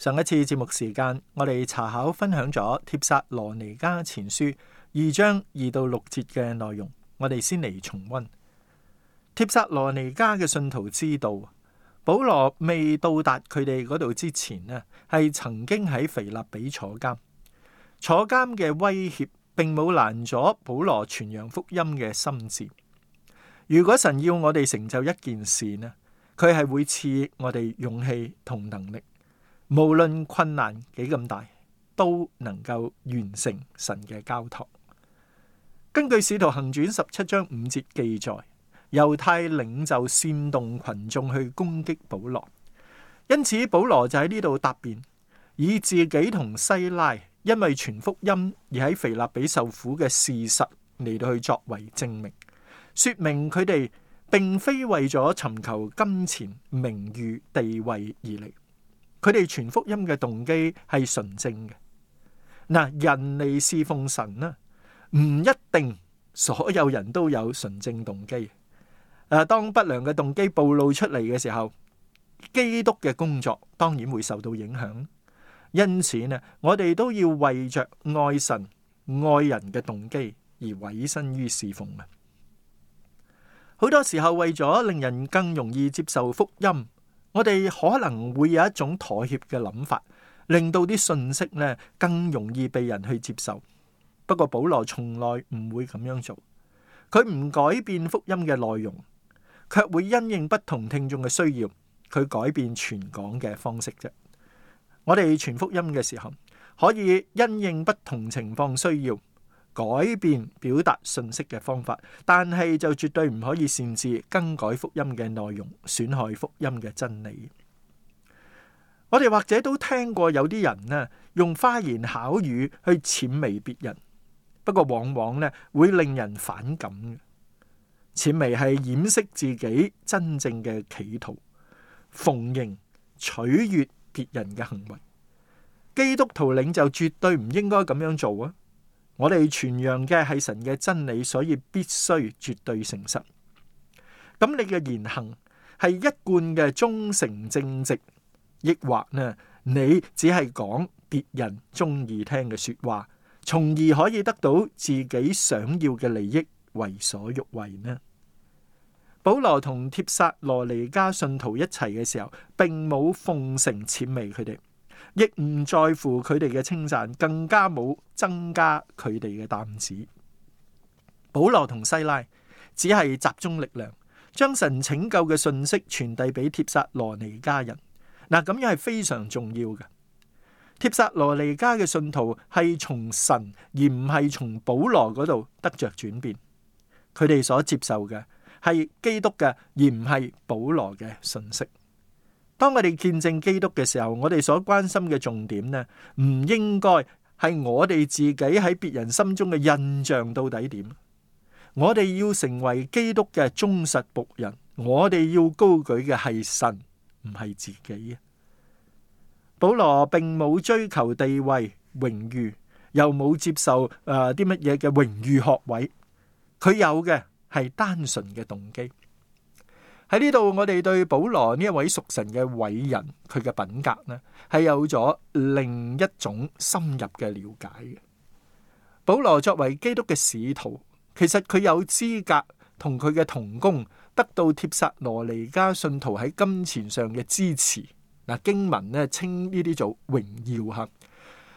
上一次節目時間，我哋查考分享咗《帖撒羅尼迦前書》二章二到六節嘅內容。我哋先嚟重溫《帖撒羅尼迦》嘅信徒知道，保羅未到達佢哋嗰度之前咧，係曾經喺腓立比坐監，坐監嘅威脅並冇攔阻保羅傳揚福音嘅心智。如果神要我哋成就一件事呢，佢係會賜我哋勇氣同能力。無論困難幾咁大，都能夠完成神嘅交託。根據《使徒行傳》十七章五節記載，猶太領袖煽動群眾去攻擊保羅，因此保羅就喺呢度答辯，以自己同西拉因為傳福音而喺腓立比受苦嘅事實嚟到去作為證明，說明佢哋並非為咗尋求金錢、名譽、地位而嚟。佢哋傳福音嘅動機係純正嘅，嗱，人嚟侍奉神呢，唔一定所有人都有純正動機。誒，當不良嘅動機暴露出嚟嘅時候，基督嘅工作當然會受到影響。因此呢，我哋都要為着愛神、愛人嘅動機而委身於侍奉啊！好多時候為咗令人更容易接受福音。我哋可能會有一種妥協嘅諗法，令到啲信息咧更容易被人去接受。不過保羅從來唔會咁樣做，佢唔改變福音嘅內容，卻會因應不同聽眾嘅需要，佢改變傳講嘅方式啫。我哋傳福音嘅時候，可以因應不同情況需要，改變表達信息嘅方法，但係就絕對唔可以擅自更改福音嘅內容，損害福音嘅真理。我哋或者都聽過有啲人呢、啊，用花言巧語去諂媚別人，不過往往呢會令人反感嘅。諂媚係掩飾自己真正嘅企圖，奉迎取悅別人嘅行為。基督徒領袖絕對唔應該咁樣做啊！我哋傳揚嘅係神嘅真理，所以必須絕對誠實。咁你嘅言行係一貫嘅忠誠正直，抑或呢？你只係講別人中意聽嘅說話，從而可以得到自己想要嘅利益，為所欲為呢？保羅同帖撒羅尼迦信徒一齊嘅時候，並冇奉承諂媚佢哋。亦唔在乎佢哋嘅稱讚，更加冇增加佢哋嘅擔子。保羅同西拉只係集中力量，將神拯救嘅信息傳遞俾帖撒羅尼迦人。嗱，咁樣係非常重要嘅。帖撒羅尼迦嘅信徒係從神而唔係從保羅嗰度得着轉變，佢哋所接受嘅係基督嘅，而唔係保羅嘅信息。當我哋見證基督嘅時候，我哋所關心嘅重點呢，唔應該係我哋自己喺別人心中嘅印象到底點。我哋要成為基督嘅忠實僕人，我哋要高舉嘅係神，唔係自己。保羅並冇追求地位、榮譽，又冇接受誒啲乜嘢嘅榮譽學位。佢有嘅係單純嘅動機。喺呢度，我哋對保羅呢一位屬神嘅偉人，佢嘅品格呢，係有咗另一種深入嘅了解嘅。保羅作為基督嘅使徒，其實佢有資格同佢嘅同工得到帖撒羅尼迦信徒喺金錢上嘅支持。嗱，經文呢稱呢啲做「榮耀客」，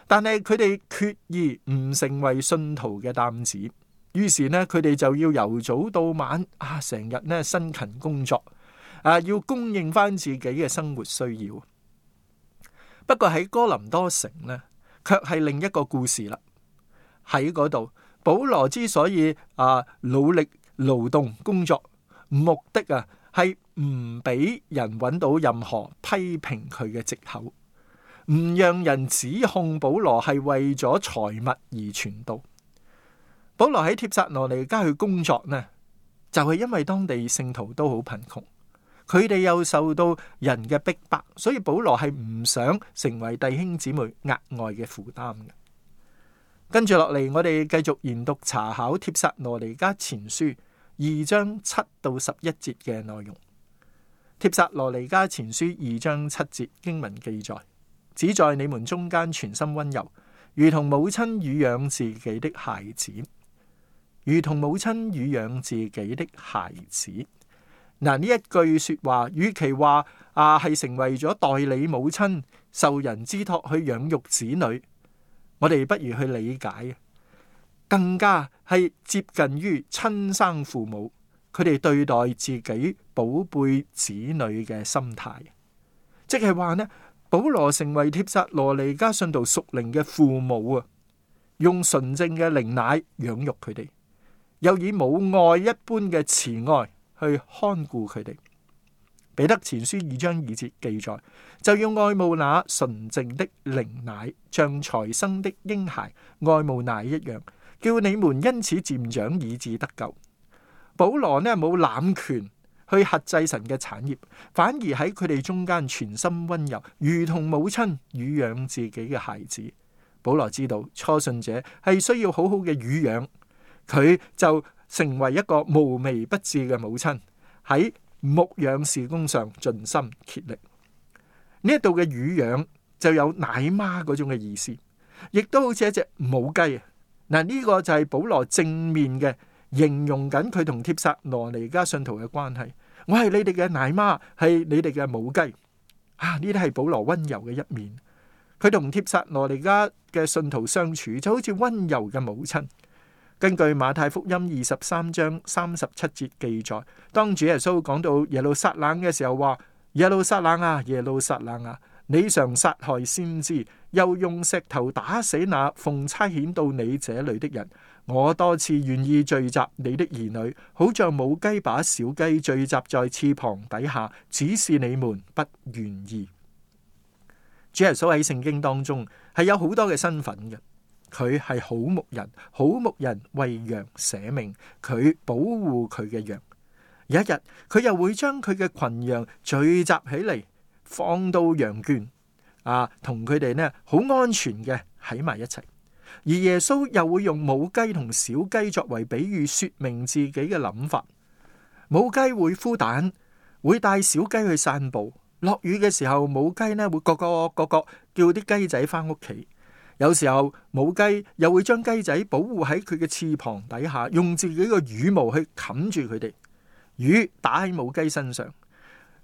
但係佢哋決意唔成為信徒嘅擔子。於是呢，佢哋就要由早到晚啊，成日呢辛勤工作，啊，要供應翻自己嘅生活需要。不過喺哥林多城呢，卻係另一個故事啦。喺嗰度，保羅之所以啊努力勞動工作，目的啊係唔俾人揾到任何批評佢嘅藉口，唔讓人指控保羅係為咗財物而傳道。保羅喺帖撒羅尼迦去工作呢，就係因為當地聖徒都好貧窮，佢哋又受到人嘅逼迫，所以保羅係唔想成為弟兄姊妹額外嘅負擔嘅。跟住落嚟，我哋繼續研讀查考帖撒羅尼迦前書二章七到十一節嘅內容。帖撒羅尼迦前書二章七節經文記載：只在你們中間全心溫柔，如同母親乳養自己的孩子。如同母親撫養自己的孩子，嗱呢一句說話，與其話啊係成為咗代理母親，受人之託去養育子女，我哋不如去理解，更加係接近於親生父母，佢哋對待自己寶貝子女嘅心態，即係話呢，保羅成為帖撒羅尼加信徒熟齡嘅父母啊，用純正嘅靈奶養育佢哋。又以母愛一般嘅慈愛去看顧佢哋。彼得前書二章二節記載：就要愛慕那純淨的靈奶，像才生的嬰孩愛慕奶一樣，叫你們因此漸長，以致得救。保羅呢冇濫權去轄制神嘅產業，反而喺佢哋中間存心溫柔，如同母親乳養自己嘅孩子。保羅知道初信者係需要好好嘅乳養。佢就成為一個無微不至嘅母親，喺牧養事工上盡心竭力。呢一度嘅乳養就有奶媽嗰種嘅意思，亦都好似一隻母雞啊。嗱，呢個就係保羅正面嘅形容緊佢同帖撒羅尼迦信徒嘅關係。我係你哋嘅奶媽，係你哋嘅母雞啊。呢啲係保羅溫柔嘅一面。佢同帖撒羅尼迦嘅信徒相處就好似溫柔嘅母親。根據馬太福音二十三章三十七節記載，當主耶穌講到耶路撒冷嘅時候，話：耶路撒冷啊，耶路撒冷啊，你常殺害先知，又用石頭打死那奉差遣到你這裏的人。我多次願意聚集你的兒女，好像母雞把小雞聚集在翅膀底下，只是你們不願意。主耶穌喺聖經當中係有好多嘅身份嘅。佢係好牧人，好牧人為羊捨命，佢保護佢嘅羊。有一日，佢又會將佢嘅群羊聚集起嚟，放到羊圈啊，同佢哋咧好安全嘅喺埋一齊。而耶穌又會用母雞同小雞作為比喻，說明自己嘅諗法。母雞會孵蛋，會帶小雞去散步。落雨嘅時候，母雞咧會各角角角叫啲雞仔翻屋企。有時候母雞又會將雞仔保護喺佢嘅翅膀底下，用自己嘅羽毛去冚住佢哋。雨打喺母雞身上，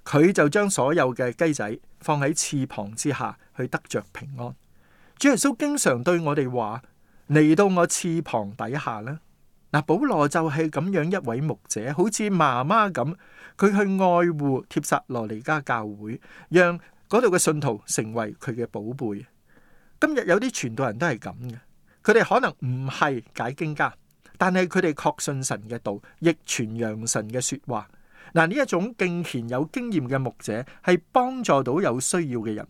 佢就將所有嘅雞仔放喺翅膀之下去得着平安。主耶穌經常對我哋話：嚟到我翅膀底下啦。嗱，保羅就係咁樣一位牧者，好似媽媽咁，佢去愛護帖撒羅尼迦教會，讓嗰度嘅信徒成為佢嘅寶貝。今日有啲傳道人都係咁嘅，佢哋可能唔係解經家，但係佢哋確信神嘅道，亦傳揚神嘅說話。嗱，呢一種敬虔有經驗嘅牧者，係幫助到有需要嘅人。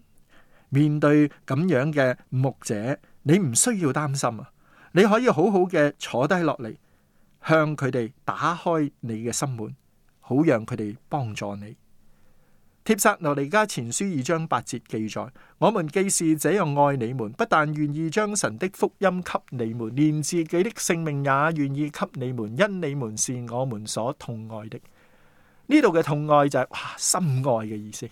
面對咁樣嘅牧者，你唔需要擔心啊！你可以好好嘅坐低落嚟，向佢哋打開你嘅心門，好讓佢哋幫助你。帖撒羅尼迦前書二章八節記載：我們既是這樣愛你們，不但願意將神的福音給你們，連自己的性命也願意給你們，因你們是我們所痛愛的。呢度嘅痛愛就係、哇、深愛嘅意思。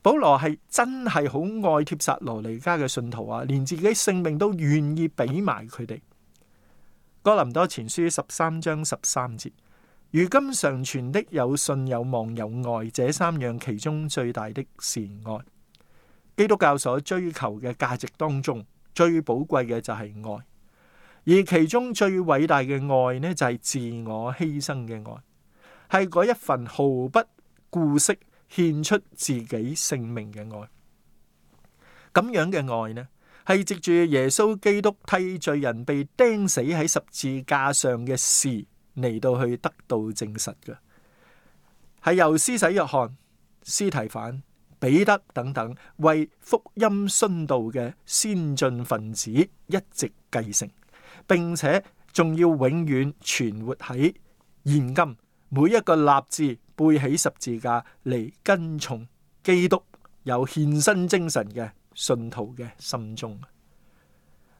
保羅係真係好愛帖撒羅尼迦嘅信徒啊，連自己性命都願意俾埋佢哋。哥林多前書十三章十三節。如今尚存常存的有信、有望、有愛，這三樣其中最大的是愛。基督教所追求嘅價值當中最寶貴嘅就係愛，而其中最偉大嘅愛呢，就係自我犧牲嘅愛，係嗰一份毫不顧惜獻出自己性命嘅愛。咁樣嘅愛呢，係藉住耶穌基督替罪人被釘死喺十字架上嘅事嚟到去得到證實嘅，係由施洗約翰、司提反、彼得等等為福音殉道嘅先進分子一直繼承，並且仲要永遠存活喺現今每一個立志背起十字架嚟跟從基督、有獻身精神嘅信徒嘅心中。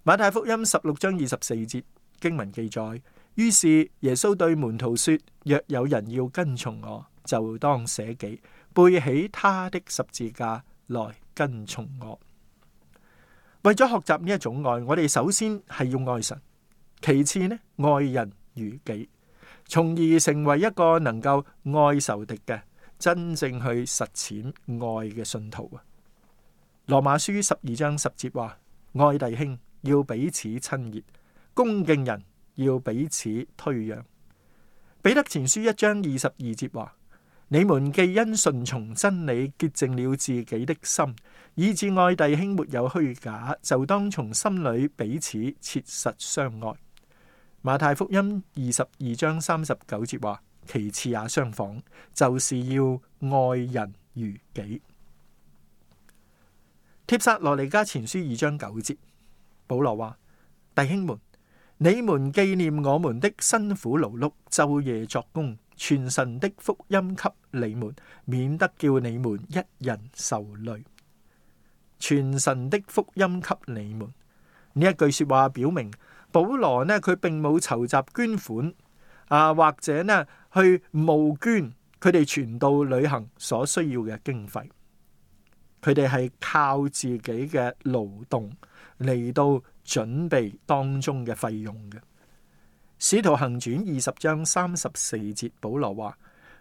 馬太福音十六章二十四節經文記載。於是耶穌對門徒說：若有人要跟從我，就當捨己，背起他的十字架來跟從我。為咗學習呢一種愛，我哋首先係要愛神，其次呢愛人如己，從而成為一個能夠愛仇敵嘅真正去實踐愛嘅信徒啊！羅馬書十二章十節話：愛弟兄要彼此親熱，恭敬人。要彼此推讓。彼得前書一章二十二節話：你們既因順從真理潔淨了自己的心，以致愛弟兄沒有虛假，就當從心裏彼此切實相愛。馬太福音二十二章三十九節話：其次也相仿，就是要愛人如己。帖撒羅尼迦前書二章九節，保羅話：弟兄們。你們紀念我們的辛苦勞碌，晝夜作工，傳神的福音給你們，免得叫你們一人受累。傳神的福音給你們呢一句說話，表明保羅呢佢並冇籌集捐款啊，或者呢去募捐佢哋傳道旅行所需要嘅經費，佢哋係靠自己嘅勞動嚟到。準備當中嘅費用嘅，《使徒行傳》二十章三十四節，保羅話：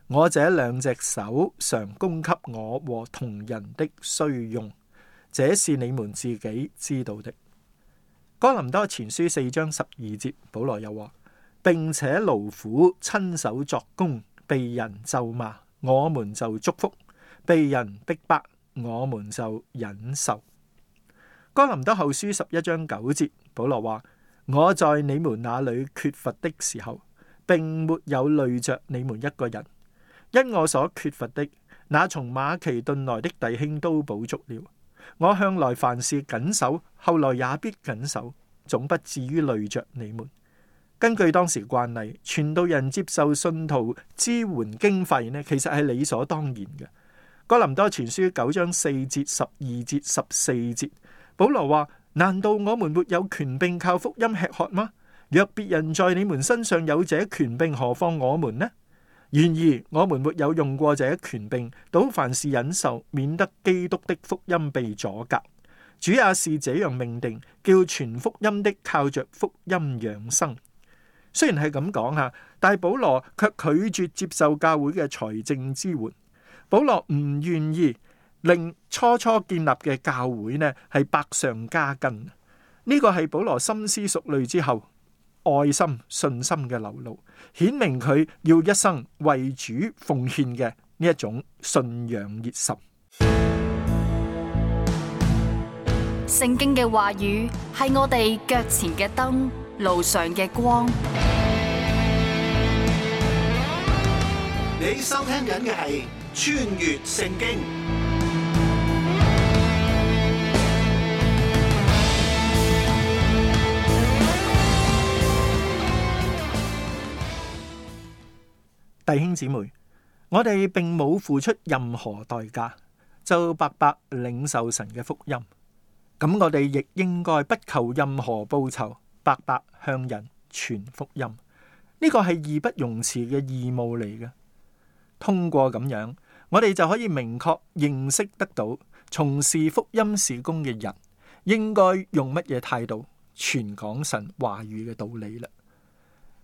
我這兩隻手常供給我和同人的需用，這是你們自己知道的。《哥林多前書》四章十二節，保羅又話：並且勞苦親手作工，被人咒罵，我們就祝福；被人逼迫，我們就忍受。哥林多後書十一章九節，保羅話：我在你們那裏缺乏的時候，並沒有累着你們一個人，因我所缺乏的，那從馬其頓來的弟兄都補足了。我向來凡事謹守，後來也必謹守，總不至於累着你們。根據當時慣例，傳道人接受信徒支援經費呢，其實係理所當然嘅。哥林多前書九章四節、十二節、十四節。保羅話：難道我們沒有權柄靠福音吃喝嗎？若別人在你們身上有這權柄，何況我們呢？然而我們沒有用過這權柄，倒凡事忍受，免得基督的福音被阻隔。主也是這樣命定，叫傳福音的靠着福音養生。雖然係咁講啊，但保羅卻拒絕接受教會嘅財政支援。保羅唔願意。令初初建立嘅教會呢係百上加斤，呢個係保羅深思熟慮之後愛心信心嘅流露，顯明佢要一生為主奉獻嘅呢一種信仰熱心。聖經嘅話語係我哋腳前嘅燈，路上嘅光。你收聽緊嘅係穿越聖經。弟兄姊妹，我哋並冇付出任何代價就白白領受神嘅福音，咁我哋亦應該不求任何報酬，白白向人傳福音。呢個係義不容辭嘅義務嚟嘅。通過咁樣，我哋就可以明確認識得到從事福音事工嘅人應該用乜嘢態度傳講神話語嘅道理啦。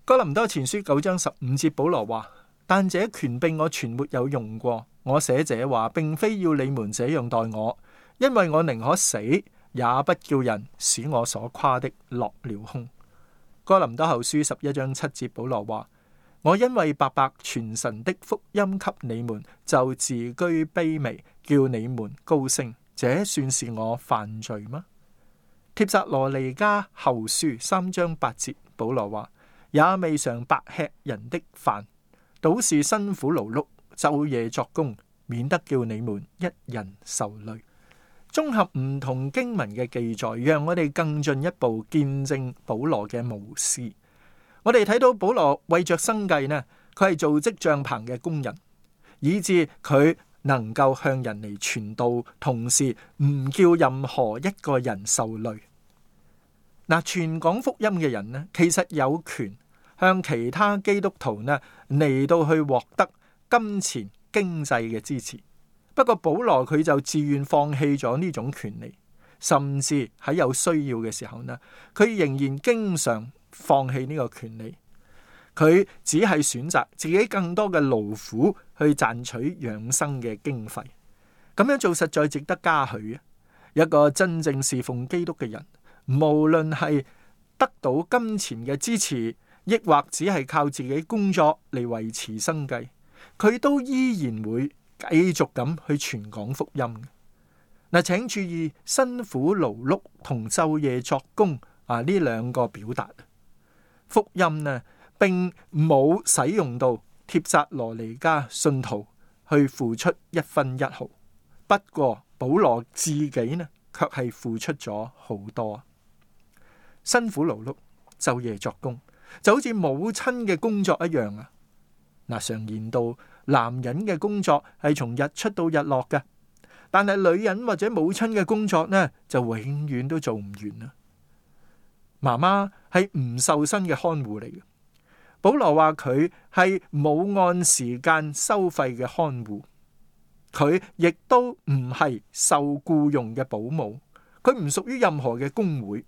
哥林多前書九章十五節，保羅話。但這權柄我全沒有用過。我寫這話，並非要你們這樣待我，因為我寧可死，也不叫人使我所誇的落了空。哥林多後書十一章七節，保羅話：我因為白白傳神的福音給你們，就自居卑微，叫你們高升。這算是我犯罪嗎？帖撒羅尼迦後書三章八節，保羅話：也未嘗白吃人的飯。倒是辛苦勞碌，晝夜作工，免得叫你們一人受累。綜合唔同經文嘅記載，讓我哋更進一步見證保羅嘅無私。我哋睇到保羅為着生計呢，佢係做織帳棚嘅工人，以致佢能夠向人嚟傳道，同時唔叫任何一個人受累。嗱，傳講福音嘅人呢，其實有權。向其他基督徒呢嚟，到去獲得金錢經濟嘅支持，不過保羅佢就自願放棄咗呢種權利，甚至喺有需要嘅時候呢，佢仍然經常放棄呢個權利。佢只係選擇自己更多嘅勞苦去賺取養生嘅經費，咁樣做實在值得嘉許啊！一個真正侍奉基督嘅人，無論係得到金錢嘅支持。亦或只係靠自己工作嚟維持生計，佢都依然會繼續咁去傳講福音。嗱，請注意辛苦勞碌同晝夜作工啊，呢兩個表達。福音呢，並冇使用到帖撒羅尼迦信徒去付出一分一毫。不過保羅自己呢，卻係付出咗好多，辛苦勞碌，晝夜作工。就好似母親嘅工作一樣啊！嗱，常言道，男人嘅工作係從日出到日落嘅，但係女人或者母親嘅工作呢，就永遠都做唔完啦。媽媽係唔受薪嘅看護嚟嘅，保羅話佢係冇按時間收費嘅看護，佢亦都唔係受僱傭嘅保姆，佢唔屬於任何嘅工會。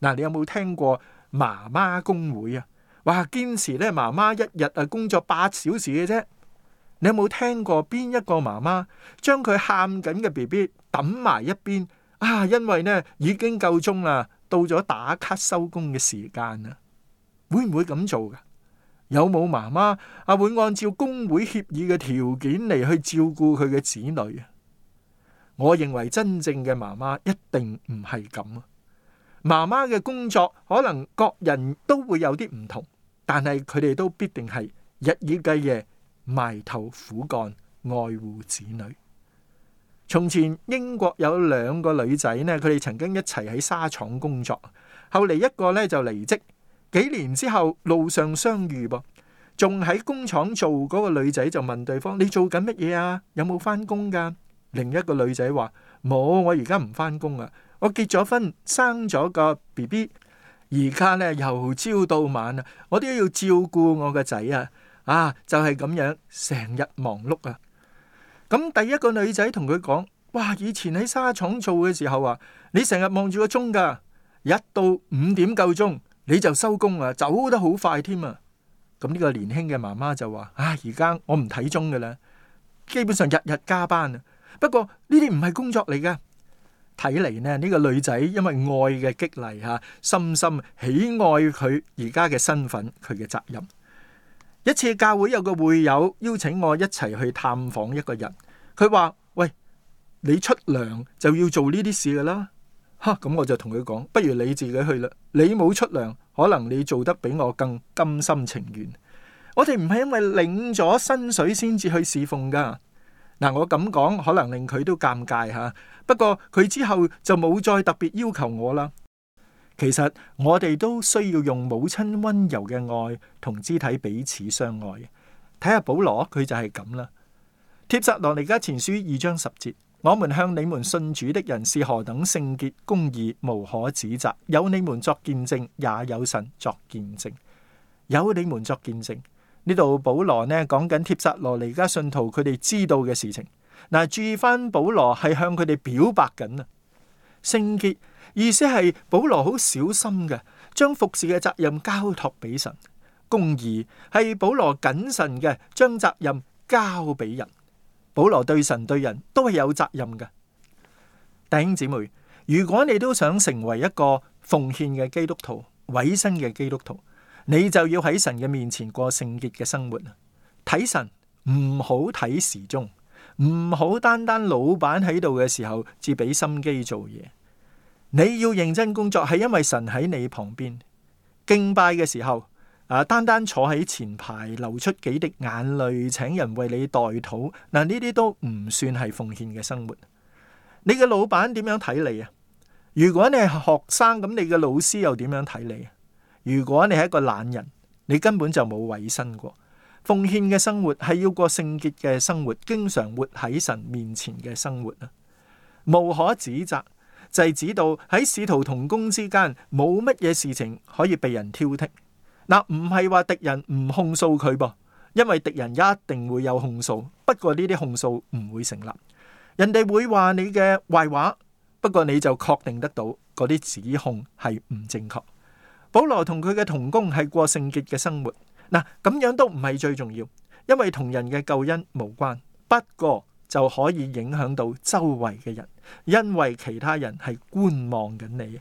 嗱，你有冇聽過？媽媽工會啊，哇！堅持咧，媽媽一日啊工作八小時嘅啫。你有冇聽過邊一個媽媽將佢喊緊嘅 BB 揼埋一邊啊？因為咧已經夠鐘啦，到咗打卡收工嘅時間啦。會唔會咁做㗎？有冇媽媽啊會按照工會協議嘅條件嚟去照顧佢嘅子女啊？我認為真正嘅媽媽一定唔係咁啊！媽媽嘅工作可能各人都會有啲唔同，但係佢哋都必定係日以繼夜埋頭苦幹，愛護子女。從前英國有兩個女仔呢，佢哋曾經一齊喺沙廠工作，後嚟一個呢就離職，幾年之後路上相遇噃，仲喺工廠做嗰個女仔就問對方：你做緊乜嘢啊？有冇翻工噶？另一個女仔話：冇，我而家唔翻工啊。我結咗婚，生咗個 BB，而家咧，由朝到晚啊，我都要照顧我個仔啊，啊就係咁樣，成日忙碌啊。咁第一個女仔同佢講：，哇，以前喺沙廠做嘅時候啊，你成日望住個鐘噶，一到五點夠鐘你就收工啊，走得好快添啊。咁呢個年輕嘅媽媽就話：，啊，而家我唔睇鐘噶啦，基本上日日加班啊。不過呢啲唔係工作嚟噶。睇嚟呢，呢，呢個女仔因為愛嘅激勵吓，深深喜愛佢而家嘅身份，佢嘅責任。一次教會有個會友邀請我一齊去探訪一個人，佢話：，喂，你出糧就要做呢啲事噶啦。吓，咁我就同佢講：，不如你自己去啦。你冇出糧，可能你做得比我更甘心情願。我哋唔係因為領咗薪水先至去侍奉噶。嗱，我咁講可能令佢都尷尬吓，不過佢之後就冇再特別要求我啦。其實我哋都需要用母親溫柔嘅愛同肢體彼此相愛。睇下保羅佢就係咁啦。帖撒羅尼迦前書二章十節，我們向你們信主的人是何等聖潔、公義、無可指責，有你們作見證，也有神作見證，有你們作見證。呢度保羅呢，講緊帖撒羅尼加信徒佢哋知道嘅事情，嗱，注意翻，保羅係向佢哋表白緊啊。聖潔，意思係保羅好小心嘅將服侍嘅責任交託俾神。公義係保羅謹慎嘅將責任交俾人。保羅對神對人都係有責任嘅。弟兄姊妹，如果你都想成為一個奉獻嘅基督徒、委身嘅基督徒，你就要喺神嘅面前過聖潔嘅生活。睇神，唔好睇時鐘，唔好單單老闆喺度嘅時候至俾心機做嘢。你要認真工作，係因為神喺你旁邊。敬拜嘅時候，啊，單單坐喺前排流出幾滴眼淚，請人為你代禱，嗱呢啲都唔算係奉獻嘅生活。你嘅老闆點樣睇你啊？如果你係學生，咁你嘅老師又點樣睇你？如果你係一個懶人，你根本就冇委身過。奉獻嘅生活係要過聖潔嘅生活，經常活喺神面前嘅生活啦，無可指責，就係、是、指到喺使徒同工之間冇乜嘢事情可以被人挑剔。嗱，唔係話敵人唔控訴佢噃，因為敵人一定會有控訴，不過呢啲控訴唔會成立。人哋會話你嘅壞話，不過你就確定得到嗰啲指控係唔正確。保羅同佢嘅同工係過聖潔嘅生活，嗱咁樣都唔係最重要，因為同人嘅救恩無關。不過就可以影響到周圍嘅人，因為其他人係觀望緊你。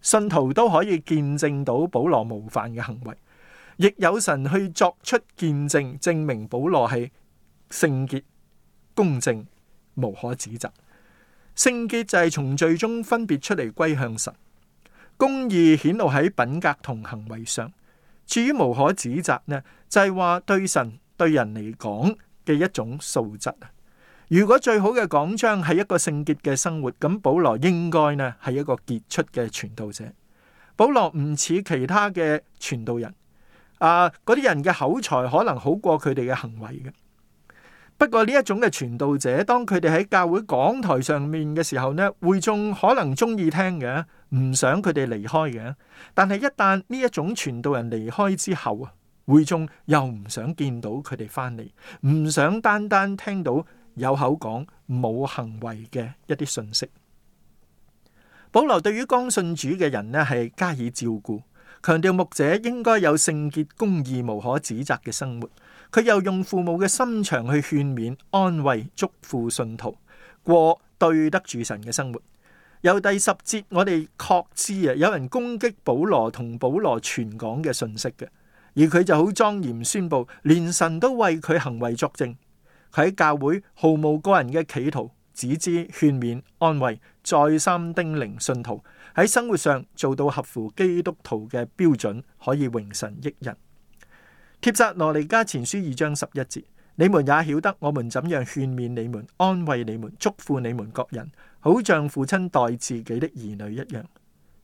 信徒都可以見證到保羅無犯嘅行為，亦有神去作出見證，證明保羅係聖潔、公正、無可指責。聖潔就係從罪中分別出嚟，歸向神。公義顯露喺品格同行為上，至於無可指責呢，就係話對神對人嚟講嘅一種素質。如果最好嘅講章係一個聖潔嘅生活，咁保羅應該呢係一個傑出嘅傳道者。保羅唔似其他嘅傳道人，啊，嗰啲人嘅口才可能好過佢哋嘅行為嘅。不過呢一種嘅傳道者，當佢哋喺教會講台上面嘅時候呢，會眾可能中意聽嘅，唔想佢哋離開嘅。但係一旦呢一種傳道人離開之後啊，會眾又唔想見到佢哋翻嚟，唔想單單聽到有口講冇行為嘅一啲信息。保羅對於剛信主嘅人呢係加以照顧。強調牧者應該有聖潔、公義、無可指責嘅生活。佢又用父母嘅心腸去勸勉、安慰、囑咐信徒過對得住神嘅生活。由第十節，我哋確知啊，有人攻擊保羅同保羅全港嘅訊息嘅，而佢就好莊嚴宣布，連神都為佢行為作證，佢喺教會毫無個人嘅企圖。只知勸勉、安慰、再三叮嚀信徒喺生活上做到合乎基督徒嘅標準，可以榮神益人。帖撒羅尼迦前書二章十一節，你們也曉得我們怎樣勸勉你們、安慰你們、祝福你們各人，好像父親待自己的兒女一樣。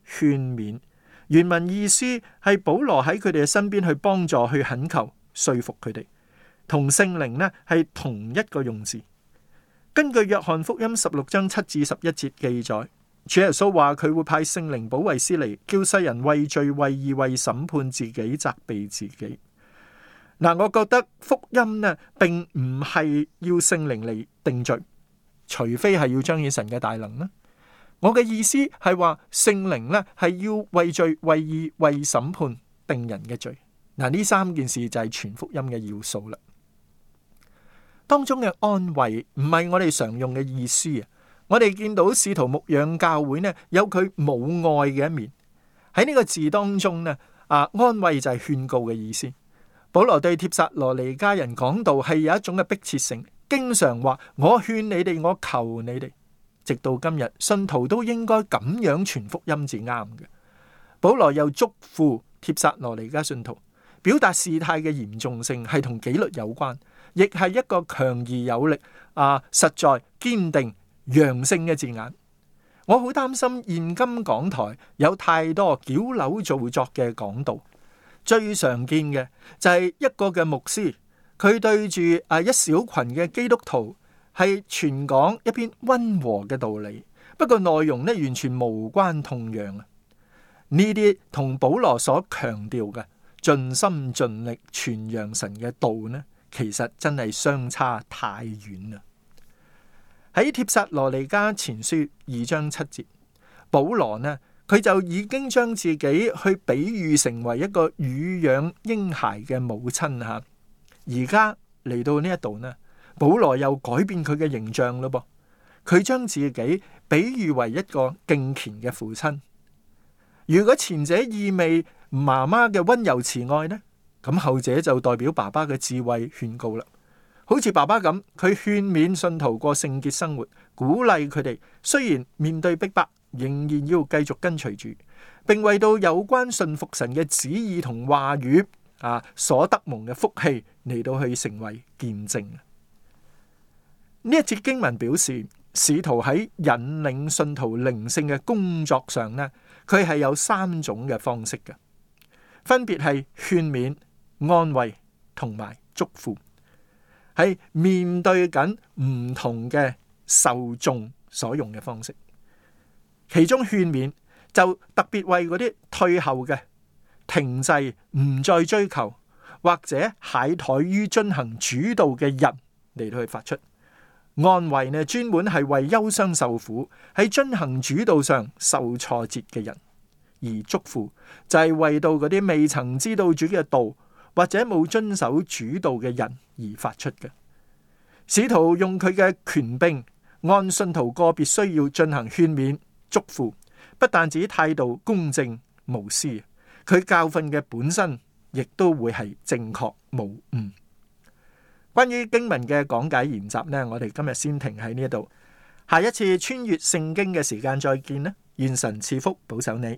勸勉原文意思係保羅喺佢哋嘅身邊去幫助、去懇求、說服佢哋，同聖靈呢係同一個用字。根據約翰福音十六章七至十一節記載，主耶穌話佢會派聖靈保惠師嚟，叫世人為罪、為義、為審判自己，責備自己。嗱、呃，我覺得福音呢，並唔係要聖靈嚟定罪，除非係要彰顯神嘅大能啦。我嘅意思係話聖靈呢，係要為罪、為義、為審判定人嘅罪。嗱、呃，呢三件事就係全福音嘅要素啦。當中嘅安慰唔係我哋常用嘅意思啊。我哋見到使徒牧養教會呢，有佢母愛嘅一面。喺呢個字當中呢，啊安慰，就係勸告嘅意思。保羅對帖撒羅尼家人講道係有一種嘅迫切性，經常話我勸你哋，我求你哋，直到今日，信徒都應該咁樣傳福音至啱嘅。保羅又囑咐帖撒羅尼迦信徒，表達事態嘅嚴重性係同紀律有關。亦係一個強而有力、啊實在堅定、陽性嘅字眼。我好擔心現今港台有太多矯揉造作嘅講道。最常見嘅就係一個嘅牧師，佢對住啊一小群嘅基督徒係傳講一篇溫和嘅道理，不過內容咧完全無關痛癢啊！呢啲同保羅所強調嘅盡心盡力傳揚神嘅道呢？其實真係相差太遠啦！喺帖撒羅尼迦前書二章七節，保羅呢，佢就已經將自己去比喻成為一個乳養嬰孩嘅母親吓。而家嚟到呢一度呢，保羅又改變佢嘅形象咯噃，佢將自己比喻為一個敬虔嘅父親。如果前者意味媽媽嘅溫柔慈愛呢？咁後者就代表爸爸嘅智慧勸告啦，好似爸爸咁，佢勸勉信徒過聖潔生活，鼓勵佢哋，雖然面對逼迫，仍然要繼續跟隨住，並為到有關信服神嘅旨意同話語啊所得蒙嘅福氣嚟到去成為見證。呢一節經文表示，使徒喺引領信徒靈性嘅工作上咧，佢係有三種嘅方式嘅，分別係勸勉。安慰同埋祝福，係面對緊唔同嘅受眾所用嘅方式，其中勸勉就特別為嗰啲退後嘅停滯，唔再追求或者懈怠於遵行主道嘅人嚟到去發出安慰呢，專門係為憂傷受苦喺遵行主道上受挫折嘅人而祝福，就係為到嗰啲未曾知道主嘅道。或者冇遵守主道嘅人而發出嘅，使徒用佢嘅權柄，按信徒個別需要進行勸勉、祝福，不但止態度公正無私，佢教訓嘅本身亦都會係正確無誤。關於經文嘅講解研習呢，我哋今日先停喺呢度，下一次穿越聖經嘅時間再見啦，願神賜福保守你。